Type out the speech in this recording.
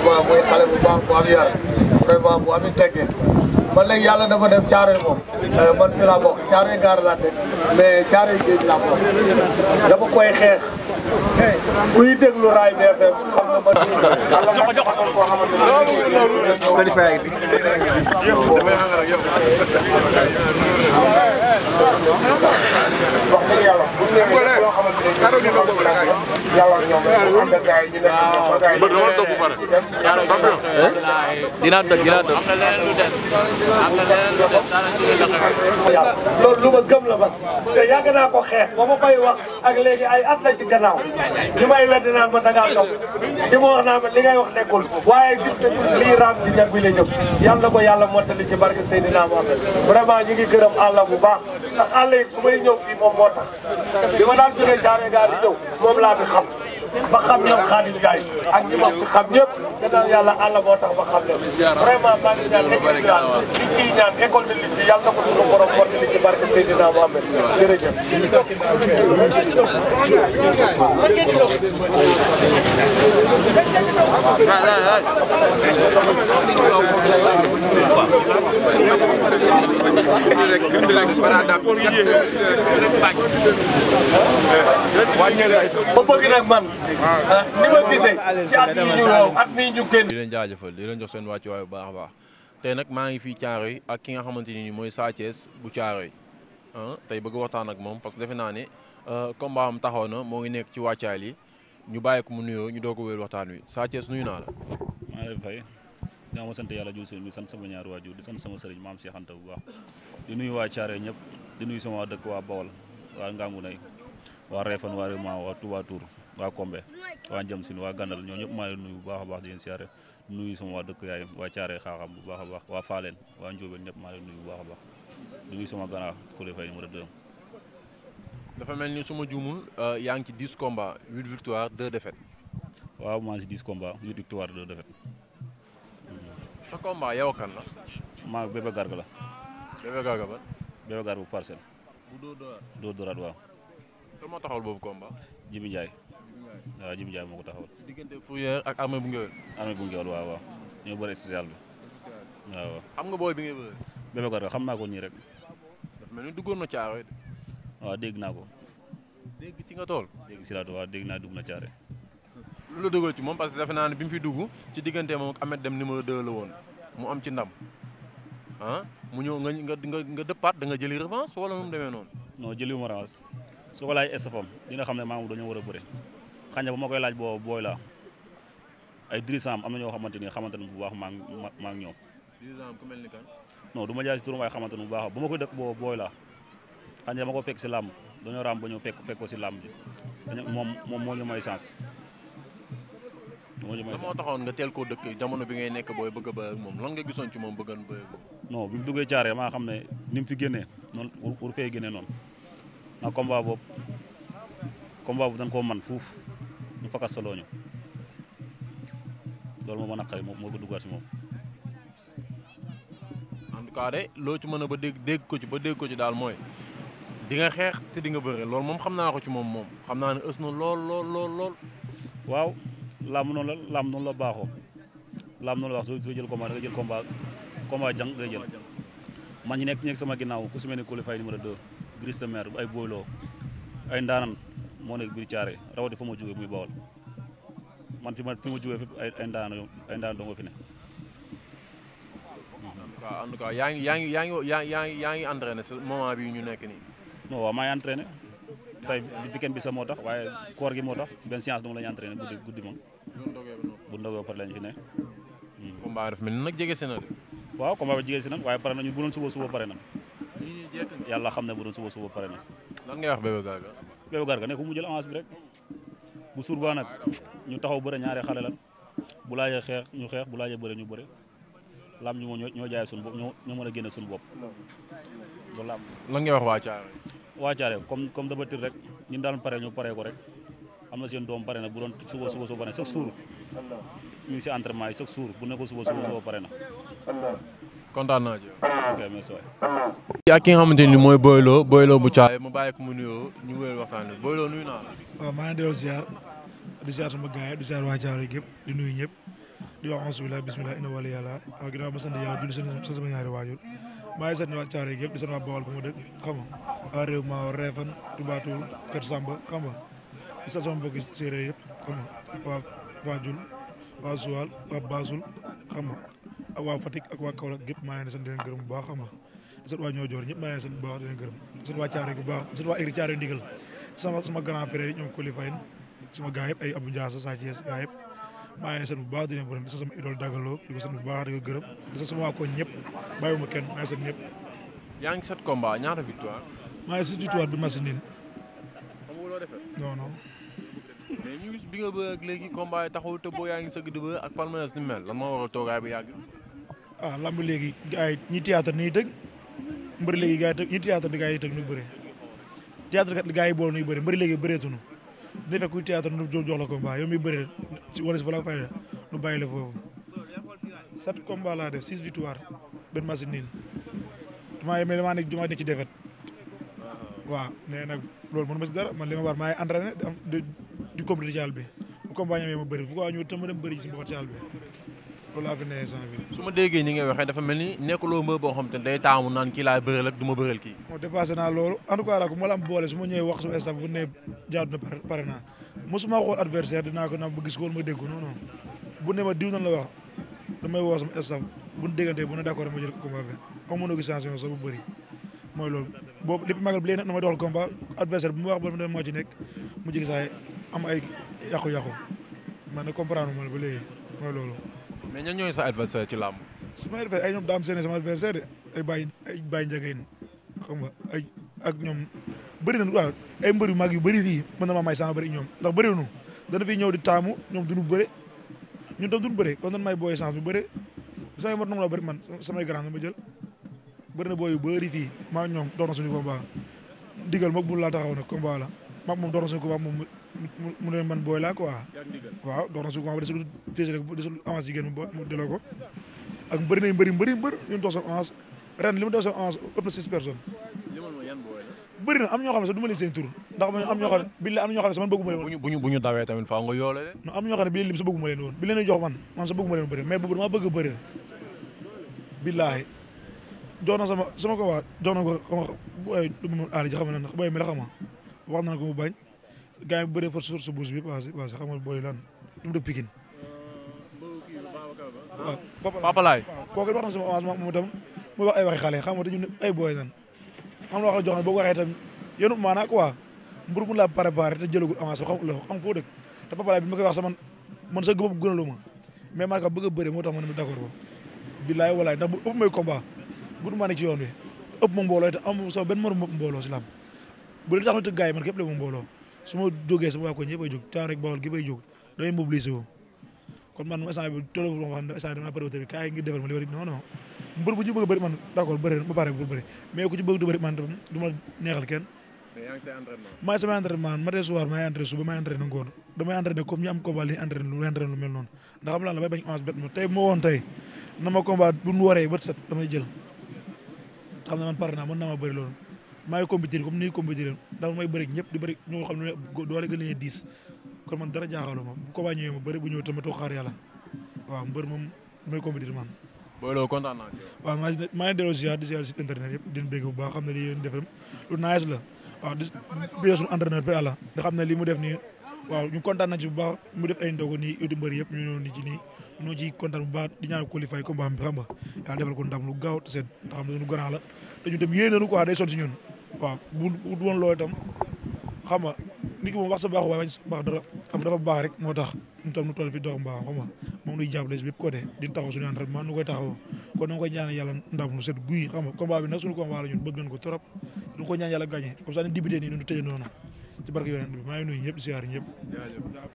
vraiment muy xale bu baax bu am yar vraiment bu am teggin man léegi yàlla dafa dem caare moom euh, man fi laa bokk caare gaar laa dëkk mais caare géej laa bokk dama koy xeex kuy déglu raay BFM xam na man yàlla ma doon koo xamante wax dëgg bu ñu nee loo xamante ne yàlla ñoom ñu am benn gars yi ba gars ba te yàgg naa xeex ba ma bay wax. ak léegi ay at la ci gannaaw li may wedd naan ma dangaa dox li ma wax naa ma li ngay wax nekkul waaye gis nañu lii raam ci jag bi la jëm yàlla ko yàlla li ci barke Seydina Mohamed vraiment ñu ngi gërëm àlla bu baax ndax àll yi su may ñëw fii moom moo tax bi ma daan jógee jaaree gaar yi ñëw moom laa fi xam ba xam ñoom Khadim Ndiaye ak ñi wax ci xam ñëpp te daal yàlla àll moo tax ba xam leen vraiment maa ngi ñaan école li ciy ñaan école de lutte bi yàlla na ko suñu borom porte li ci barke Seydina Mohamed jërëjëf Ah, di leen jaajëfal di leen jox seen wàccuwaay bu baax a baax tey nag maa ngi fi fii yi ak ki nga xamante ni mooy Sa Thiès bu Thiaroye ah, tey bëgg waxtaan ak moom parce que defe naa ne ah, combat am taxaw na moo ngi nekk ci wàccaay li ñu bàyyi ko mu nuyoo ñu doog a waxtaan wi Sa Thiès nuyu naa la. ginnaaw ma sant yàlla jul sëriñ bi sant sama ñaari waajur di sant sama sëriñ maam Cheikh Anta bu baax di nuyu waa Thiaré ñëpp di nuyu sama waa dëkk waa Bawol waa Ngangunay waa Réfane waa Réma waa Touba Tour waa Kombe waa Njëm Sin waa Gandal ñoo ñëpp maa leen bu baax a baax di leen siyaare nuyu sama waa dëkk yaayam waa Thiaré xaaxam bu baax a baax waa Faaleen waa Njóobeen ñëpp maa leen nuyu bu baax a baax di nuyu sama gannaaw Koulé Faye numéro 2 dafa mel ni suma ma juumul euh, yaa ngi ci 10 combats 8 victoires 2 défaites waaw maa ngi ci 10 combats 8 victoires 2 sa combat yow kan la. maa Bébé Garga la. Bébé Garga ba. Garga bu parcelle. bu Dóor Dóoraat Dóor Dóoraat waaw. kan moo taxawal boobu combat. Jibi Ndiaye. waaw Jibi Ndiaye moo ko taxawal. diggante ak bu ngewel. armée xam nga booy bi xam naa ko nii rek. ni duggoon na caaro de. waaw dégg naa ko. dégg ci nga tool. dégg si laa tool waaw dégg naa dugg na caare. lu la dëggal ci moom parce que defe naa ne bi mu fi dugg ci diggante moom ak Ahmed Deme numéro 2 la woon mu am ci ndam ah mu ñëw nga nga nga dëppaat da nga jëli revanche wala moom demee noonu. non jëliwuma revanche su ko laaj estafam dina xam ne maa dañoo war a bëri xañ ba ma koy laaj boobu booy la ay dirigeants am na ñoo xamante ni xamante ne bu baax maa ngi maa ngi ñoom. dirigeants mel ni kan. du ma jaay si turam waaye xamante ne bu baax ba ma ko dëkk boo booy la xañ ma ko fekk si làmb dañoo raam ba ñëw fekk fekk si làmb bi moom moom moo ñu may chance la moo taxoon nga teel koo dëkk jamono bi ngay nekk booy bëgg a moom lan nga gisoon ci moom bëggoon bëri non bi mu duggee caare maa xam ne ni mu fi génnee noonu war fee génnee noonu na combat bu dañ koo man fuuf ñu fakkas saloo ñu loolu moo mën a xëy moom moo ko duggaat si moom en tout cas loo ci mën a ba dégg dégg ko ci ba dégg ko ci daal mooy di nga xeex te di nga bëre loolu moom xam naa ko ci moom moom xam naa ne ës na lool lool lool lool waaw làmb noonu la làmb noonu baaxoo làmb noonu la wax soo soo jël combat da nga jël combat combat jàng da nga jël man ñi nekk ñi nekk sama ginnaaw ku si mel ni Coly Faye numéro 2 Brise de Mer ay Boylo ay ndaanan moo nekk biir caare rawati fa ma jógee muy bawal man fi ma fi ma jógee fépp ay ay ndaanan ay fi ne waaw en tout yaa ngi yaa ngi yaa ngi yaa ngi yaa ngi ñu nekk nii non waaw maa ngi tey weekend bi sax moo tax waaye koor gi moo tax benn séance dong la ñu entraîné guddi guddi moom. bu ndogoo par lañ fi ne. Hmm. combat def mel ni nag jege si na waaw combat bi jege si na waaye pare na bu doon suba suba pare na. yàlla xam ne bu doon suba suba pare na. lan ngay wax Bébé Garga. Bébé Garga ne ko mu jël avance bi bu suur baa nag ñu taxaw bëre ñaari xale lan bu laajee xeex ñu xeex bu laajee bëre ñu bëre lam ñu moo ñoo jaay suñu bopp ñoo ñoo mën a génne suñu bopp loolu la am. ngay wax waa Thiaroye waa Thiaré comme comme dama tir rek ñun daan pare ñu pare ko rek am na seen doom pare na bu doon suba suba suba pare chaque jour ñu ngi si entraînement yi bu ne ko suba suba suba na. kontaan naa jërëjëf. ok merci waay. ak ki nga xamante ni mooy Boylo Boylo bu Thiaré mu bàyyi ko mu nuyoo ñu wéyal waxtaan bi Boylo nuyu naa la. waaw maa ngi delloo di ziar ñëpp di wax bisimilah bisimilah inna wala yàlla waaw ginnaaw ma sant yàlla julli sama waajur maa ngi sant waa Thiaré yëpp di sant waa Bawol ku ma dëkk xam nga waa réew ma Réfan Kër Samba xam nga di sant sama nga waa Fadiouth waa Joal waa Bassoul xam nga ak waa Fatick ak waa Kaolack yëpp maa ngi leen bu baax xam nga di sant waa Niodior ñëpp maa ngi leen di Iri Thiaré ndigal sama sama grand frère yi ñoom Koli Faye sama yëpp ay Abou Ndiassa Sa yëpp maa ngi sant bu baax di leen borom di sant daggaloo di ko bu baax di gërëm di sant sama waa koñ ñëpp bàyyiwuma kenn maa ngi sant yaa ngi sept combat ñaata victoire. maa ngi si victoire bi ma si nii. non bi nga bëgg ak léegi combat yi taxul yaa ngi sëgg di bëgg ak palmarès ni mel lan moo waral toogaay bi yàgg. ah lamb léegi gars yi ñi théâtre tëgg mbëri léegi gars yi ñi théâtre di gars yi tëgg ñu bëre théâtre kat gars yi bool ñuy bëre mbëri léegi bëreetuñu dina fekk kuy théâtre nu jox la combat yow mi bëri ci wala si fa la fayda nu bàyyi la foofu sept combat laa def six victoire benn match nul damaa yemee damaa nekk damaa nekk ci défaite waaw mais nag loolu mënu ma si dara man li ma war maa ngi entraîné di complété ci àll bi bu combat ñamee ma bëri bu ko waa ñëw tam ma dem bëri ci si mbapat ci àll bi loolu laa fi nee sans su ma déggee ni ngay waxee dafa mel ni nekkuloo mbër boo xam te day taamu naan kii laay bëreel ak du ma bëreel kii. bon dépassé naa loolu en tout cas daal ku ma la am boole su ma ñëwee su staff bu ne jaadu na dinaa ko naan ba gis ko wala ma dégg ko ne ma diw nañ la damay woo sama staff bu ñu déggantee bu ne d'accord ma jël combat bi am mënoo gis sanction sax bu bëri mooy loolu boobu depuis magal bi léegi nag damay doxal combat adversaire bu ma wax ba mu moo ci nekk mu jigi saay am ay yàqu-yàqu man na comprendre ma ba léegi mooy loolu mais ñan ñooy sa adversaire ci làmb. sama adversaire ay ñoom daam seen sama adversaire de ay Baye ay Baye xam nga ay ak ñoom bëri nañu waaw ay mbër yu mag yu bëri fii mën na maa may sama bëri ñoom ndax bëri nu dana fi ñëw di taamu ñoom duñu bëre ñun tam duñu bëre kon dañu may booyee chance bu bëre samay mot la bëri man samay grand ma jël bëri na booyu bëri fii ma ñoom doon na suñu combat digal mag bu laa taxaw nag combat la mag moom doon na suñu combat moom mu ne man booy laa quoi waaw dox na su ko desul téese rek desul avance jigéen mu delloo ko ak mbëri nañ mbëri mbëri mbër ñu dox sa avance ren li mu dox sa avance ëpp na six personnes bëri na am ñoo xam ne sax du ma leen seen tur ndax am ñoo xam ne bi la am ñoo xam ne sax man bëgguma leen woon bu ñu dawee tamit faaw nga yoole de non am ñoo xam ne bi leen lim sax bëgguma leen woon bi leen jox man man sax bëgguma leen bëri mais boobu dama bëgg bëri billaahi jox na sama sama ko waa jox na ko xam nga booy du ma aali ji xam ne nag booy mi la xama wax na ko mu bañ gars yi mu bëree force force bouse bi passé passé xam nga booy lan lu mu def Pikine. Euh, waaw Papa Laay kooku it wax na sama avance moom itam muy wax ay waxi xale xam nga dañu ne ay booy lan am na wax la préparé te jëlagul avance xam nga xam foo dëkk te ma koy wax sama man sa gëm gënalu man ka bëgg a ma ne ma ba billaay walaay ndax bu ëpp may combat gudd maa ne ci yoon wi ëpp ma mbooloo te am sama benn morom ëpp mbooloo si su ma jógee sama waa ko ñëpp ay jóg taw rek bawol gi bay jóg damay mobiliser kon man instant bi tollu ma xam ne instant damaa pare ngi defal ma li bëri non non ku bu ñu bëgg man d' accord bëri na ma pare bu bëri mais ku ci bëgg du bëri man du ma neexal kenn mais yaa ngi say entraînement maa sama entraînement matin soir maa ngi entraîné suba maa ngi entraîné ngoon damay entraîné comme ñu lu entraîné lu mel noonu ndax xam naa la may bañ avance bet ma tey bu ma woon tey na ma combat bu ñu waree bët set jël xam na man pare naa mën naa ma bëri loolu maa ngi compétir comme ni ñuy compétir dafa may bëri ñëpp di bëri ñoo xam ne doole gën a diis kon man dara jaaxaloo ma bu ko waa ñëwee ma bëri bu ñëw tamit toog xaar yàlla moom may compétir man. booy loolu kontaan naa waaw maa ngi maa ngi delloo ziar di ziar yëpp di leen bëgg bu baax li yéen def lu nice la waaw di biyee suñu entraîneur bi àlla nga xam ne li mu def nii waaw ñu kontaan nañ ci bu mu def ay ndogu nii uti mbër yëpp ñu ñëw nii ci nii ñoo bu baax di ñaan qualifier combat bi xam nga yàlla defal ko ndam lu gaaw te seen nga xam ne suñu grand la te ñu dem yéene nañu quoi day si ñun waaw bu bu woon loolu itam xam nga nit ki moom wax sa baax waaye wañ sa baax dara xam dafa baax rek moo tax ñu tam nu toll fi dox mbaax xam nga moom nuy jàppale si bépp côté di taxaw suñu entraînement nu koy taxaw kon na nga koy ñaanal yàlla ndam lu set guy xam nga combat bi nag suñu combat la ñun bëgg nañ ko trop du ko ñaan yàlla gagné comme ça ni dibité nii nunu tëjee noonu ci barke yonent bi maa ngi ñëpp di siyaar ñëpp